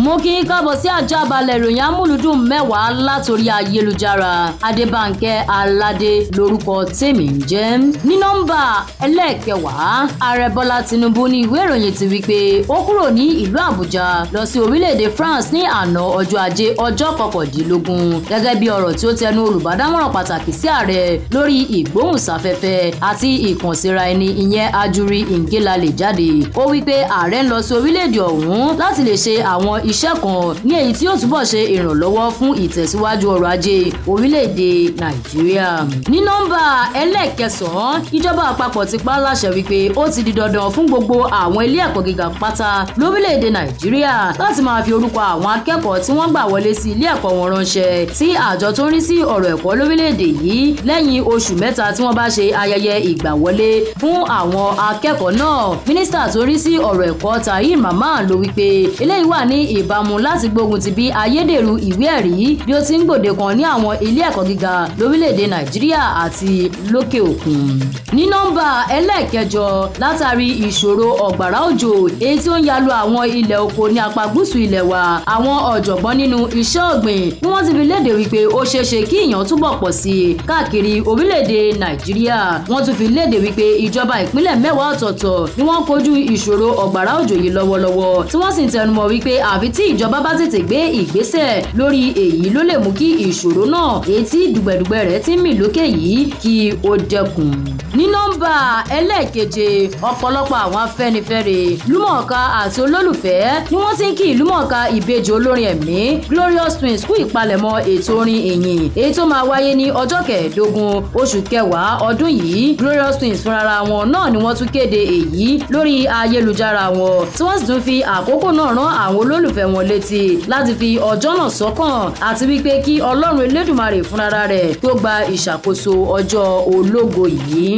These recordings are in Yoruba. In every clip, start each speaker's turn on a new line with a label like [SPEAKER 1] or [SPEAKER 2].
[SPEAKER 1] mú kí n káàbọ̀ sí àjábalẹ̀ ìròyìn amúlùdùn mẹ́wàá látòrí ayélujára adébànkẹ́ aládé lórúkọ tèmi ń jẹ́. ní nọ́mbà ẹlẹ́ẹ̀kẹwàá ààrẹ bọ́lá tinubu ní ìwé ìròyìn ti wípé ó kúrò ní ìlú àbújá lọ sí orílẹ̀-èdè france ní àná ọjọ́ ajé ọjọ́ kọkàndínlógún gẹ́gẹ́ bí ọ̀rọ̀ tí ó tẹnu olùbádámọ̀ràn pàtàkì sí ààrẹ lórí ìgbóhùnsáfẹ́fẹ́ àti ìkànsíra ẹni ìyẹn ajuri ngelale jáde ó wípé ààrẹ ń lọ sí orílẹ̀-èdè ọ̀hún láti lè ṣe àwọn iṣẹ́ kan ní èyí tí yóò túbọ̀ ṣe ìrànlọ́wọ́ fún ìtẹ̀síwájú ọrọ̀ ajé orílẹ̀-èdè nàìjíríà. ní nọ́mbà ẹlẹ́ẹ̀kẹsàn-án ìjọba àpapọ̀ ti pa láṣẹ wípé ó ti di dandan fún gbogbo àwọn ilé ẹ̀kọ́ gíga pátá lórílẹ̀-èdè nàìjíríà láti máa fi orúkọ àwọn akẹ́kọ̀ọ́ tí wọ́n gbà wọlé sí ilé ẹ̀kọ́ wọn ránṣẹ́ sí àjọ tó ń rí sí ọ̀rọ̀ ẹ̀kọ́ lórílẹ̀-èdè yìí lẹ́yìn oṣù mẹ́ta tí wọ́n bá ṣe ayẹyẹ ìgbàwọlé fún àwọn akẹ́kọ̀ọ́ náà mínísítà tó rí sí ọ̀rọ̀ ẹ̀kọ́ Tahir Mamman ló wípé eléyìí wà ní ìbámu láti gbógun ti bí ayédèrú ìwé ẹ̀rí bí ó ti ń gbòde kan ní àwọn ilé ẹ̀kọ́ gíga lórílẹ̀‐èdè nàìjíríà àti lókè òkun. ní nọ́mbà ẹlẹ́ẹ̀kẹjọ látàrí ìṣòro ọ̀gbàrá òjò èyí tí ó ń yalu àwọn ilẹ̀ oko ní apá gúúsù ilẹ̀ wa àwọn ọ̀jọ̀gbọ́n nínú iṣẹ́ ọ̀gbìn ni wọ́n ti fi léde wípé ó ṣeé ṣe kí ìyàn túbọ̀ pọ̀ sí i káàkiri orílẹ̀-èdè nàìjíríà wọ́n tún fi léde wípé ìjọba ìpínlẹ̀ mẹ́wàá ọ̀tọ̀ọ̀tọ̀ ni wọ́n kojú ìṣòro ọ̀gbàrá òjò yìí lọ́wọ́lọ́wọ́ tí wọ́n sì tẹnumọ́ wípé àfi tí ìjọba bá tètè gbé ìgbésẹ̀ lórí èyí ló lè mú kí ìṣòro náà èyí tí dùgbẹ̀dùgbẹ̀ rẹ̀ ti ń mì lókè yìí kí ó dẹkùn. nínú nọ́mbà ẹlẹ́ẹ̀keje ọ̀pọ̀lọpọ̀ àwọn afẹ́nifẹ́re lúmọ̀ọ́ká àti olólùfẹ́ ni wọ́n ti ń kí ìlúmọ̀ọ́ká ìbejì olórin ẹ̀mí Glorious Twins kú ìpalẹ̀mọ́ ètò orin ìyìn èyí tó máa wáyé ní ọjọ́ kẹẹ̀ẹ́dógún oṣù kẹwàá ọdún yìí Glorious Twins fúnra wọn náà ni wọ́n tún kéde èyí lórí ayélujára wọn tí wọ́n sì tún fi àkókò náà rán àwọn olólùfẹ́ wọn létí láti fi ọjọ́ náà sọ́kàn àti wípé kí ọlọ́run elédùnmarè fúnra rẹ̀ tó gba ìṣàkóso ọjọ́ ológo yìí.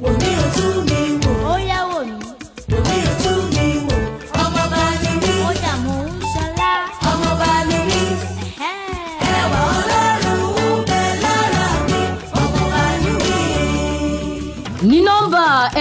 [SPEAKER 1] 我没有格。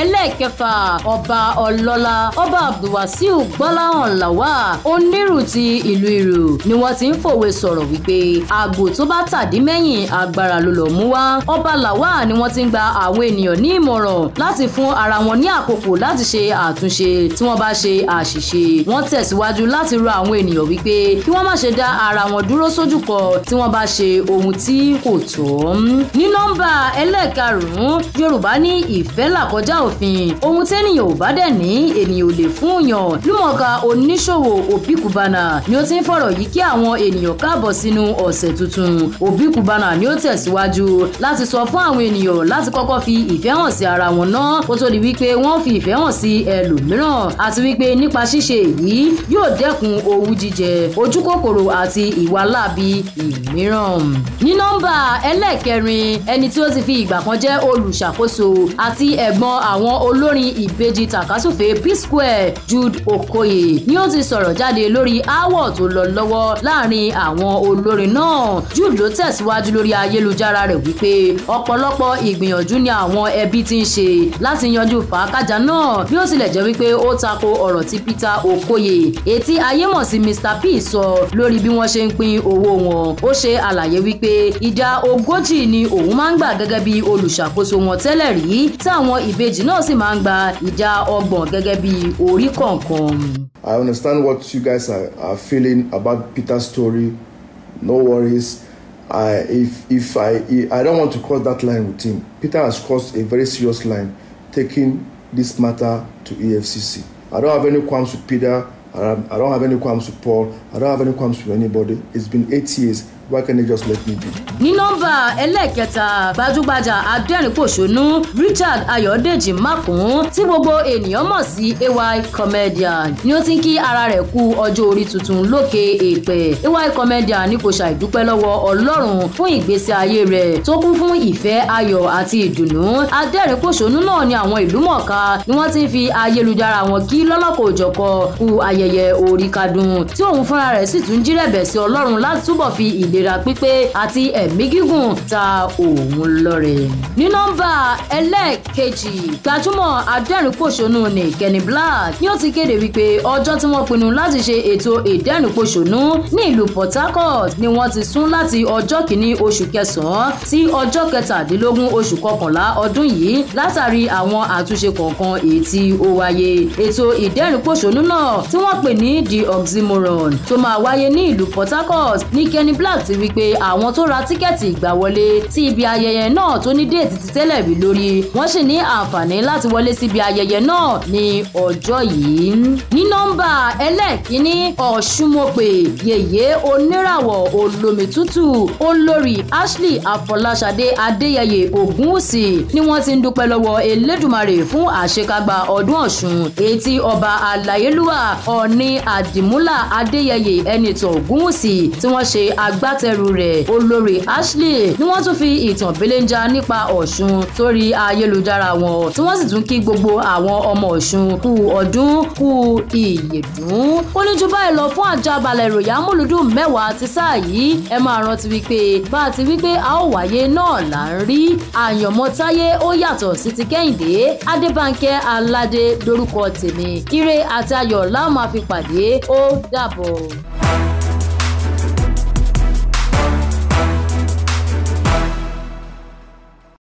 [SPEAKER 1] ẹlẹ́ẹ̀kẹfà ọba ọlọ́lá ọba abdulwasiu gbọ́láhàn làwà onírù ti ìlú irù ni wọ́n ti ń fòwe sọ̀rọ̀ wípé àgbò tó bá tàdí mẹ́yìn agbára ló lọ mú wá ọba làwà ni wọ́n ti ń gba àwọn ènìyàn ní ìmọ̀ràn láti fún ara wọn ní àkókò láti ṣe àtúnṣe tí wọ́n bá ṣe àṣìṣe wọ́n tẹ̀síwájú láti rọ àwọn ènìyàn wípé kí wọ́n má ṣe dá ara wọn dúró sójú kan tí wọ́n bá ṣe ohun tí kò tọ́ ní nọ́mbà ẹlẹ́ẹ̀karùn-ún yorùbá ní ìfẹ́ làkọjá kọjá òfin ohun tẹ́nìyàn ò bá dẹ̀ ní ènìyàn ò lè fún yàn lúmọ̀ọ́ká oníṣòwò òbí kùbánà ni ó ti ń fọ̀rọ̀ yìí kí àwọn ènìyàn káàbọ̀ sínú ọ̀sẹ̀ tuntun òbí kùbánà ni ó tẹ̀síwájú láti sọ fún àwọn ènìyàn láti kọ́kọ́ fi ìfẹ́ hàn sí ara wọn náà kó tó di wípé wọ́n fi ìfẹ́ hàn sí ẹlòmíràn àti wípé nípa ṣíṣe èyí yóò dẹ́kun owú jíjẹ ojú kòkòrò àti ìwà láabi ìmíràn. ní nọ́mbà ẹlẹ́ẹ̀kẹrin ẹni tí ó ti fi ìgbà kan jẹ́ olùṣàkóso àti ẹ̀gbọ́n àwọn olórin ìbejì tàkásùfé P-Square Jude Okoye ni ó ti sọ̀rọ̀ jáde lórí aáwọ̀ tó lọ lọ́wọ́ láàrin àwọn olórin náà Jude ló tẹ̀síwájú lórí ayélujára rẹ̀ wípé ọ̀pọ̀lọpọ̀ ìgbìyànjú ni àwọn ẹbí ti ń ṣe láti yanjú fàákàjà náà bí ó tilẹ̀ jẹ́ wípé ó tako ọ̀rọ̀ tí Peter Okoye etí ayémọ̀sí Mr P sọ lórí bí wọ́n ṣe ń pín owó wọn ó ṣe àlàyé wípé ìdá ogójì ni òun máa ń gbà gẹ́gẹ́ bí olùṣàkóso wọn tẹ́lẹ̀ rí táwọn ìbejì méjèèjì náà sì máa ń gba ìjà ọgbọ̀n gẹ́gẹ́ bí orí kọ̀ọ̀kan. I understand what you guys are, are feeling about Peter's story. No worries. I, if, if I, I don't want to cross that line with him. Peter has crossed a very serious line taking this matter to EFCC. I don't have any qualms with Peter. I don't have any qualms with Paul. I don't have any qualms with anybody. It's been eight years why can't they just let me be. ní nọ́mbà ẹlẹ́ẹ̀kẹta gbajúgbajà adẹ́rìnpòṣónú Richard Ayọ̀dèjì Mákùn tí gbogbo ènìyàn mọ̀ sí AY comedian ni ó ti ń kí ara rẹ̀ kú ọjọ́ orí tuntun lókè èèpẹ̀ AY comedian ni kò ṣàìdúpẹ́ lọ́wọ́ Ọlọ́run fún ìgbésí ayé rẹ̀ tó kún fún ìfẹ́ ayọ̀ àti ìdùnnú adẹ́rìnpòṣónú náà ni àwọn ìlúmọ̀ọ́ká ni wọ́n ti ń fi ayélujára wọn kí lọ́lọ́kọ̀ òjọ̀kọ kú ayẹyẹ orí kadùn tí òun fúnra rẹ̀ sì tún jírẹ̀bẹ̀ sí Ọlọ́run láti túbọ̀ fi ìlera ìlera pípé àti ẹ̀mí gígùn ta òun lọ́rẹ. ní nọ́mbà ẹlẹ́ẹ̀kejì gbajúmọ̀ adẹ́rìnpòṣónú ni Kenny Black ni ó ti kéde wípé ọjọ́ tí wọ́n pinnu láti ṣe ètò ìdẹ́rìnpòṣónú ní ìlú Port Harcourt ni wọ́n ti sún láti ọjọ́ kìíní oṣù kẹsàn-án sí ọjọ́ kẹtàdínlógún oṣù kọkànlá ọdún yìí látàrí àwọn àtúnṣe kọ̀ọ̀kan èyí tí ó wáyé ètò ìdẹ́rìnpòṣónú náà tí wọ́n pè ní the oxymoron tó máa wáyé ní ìlú Port Harcourt ní Kenny Black àti wípé àwọn tó ra tíkẹ́ẹ̀tì ìgbàwọlé tí ibi ayẹyẹ náà tó ní déètì ti tẹ́lẹ̀ rí lórí wọ́n sì ní àǹfààní láti wọlé síbi ayẹyẹ náà ní ọjọ́ yìí. ní nọ́mbà ẹlẹ́ẹ̀kínní ọ̀ṣunmọ̀pẹ̀ yèyé oníràwọ̀ olómi tútù olórí Ashley Afọláṣadé Adéyẹyè Ògúnwùsì ni wọ́n ti ń dúpẹ́ lọ́wọ́ Elédùmarè fún àṣekágbá ọdún Ọ̀ṣun èyí tí ọba aláyélúwà Ọ̀ọ̀ni Àdìmúlà Adéyẹyè Ẹnìtàn Ògúnwùsì tí wọ́n ṣe agbá agbátẹrù rẹ̀ olórí Ashley ni wọ́n tún fi ìtàn belenja nípa Ọ̀ṣun sórí ayélujára wọn tí wọ́n sì tún kí gbogbo àwọn ọmọ Ọ̀ṣun kú ọdún kú ìyèdún ó ní ju báyìí lọ fún àjàbalẹ̀ ìròyìn amúlùdùn mẹ́wàá ti sáà yìí ẹ máa rántí wípé bá a ti wípé a ó wáyé náà là ń rí àyànmọ́ táyé ó yàtọ̀ sí ti kẹ́hìndé adébánkẹ́ aládé lórúkọ tèmi ire àti ayọ̀ la máa fi pàdé ó dàbọ̀.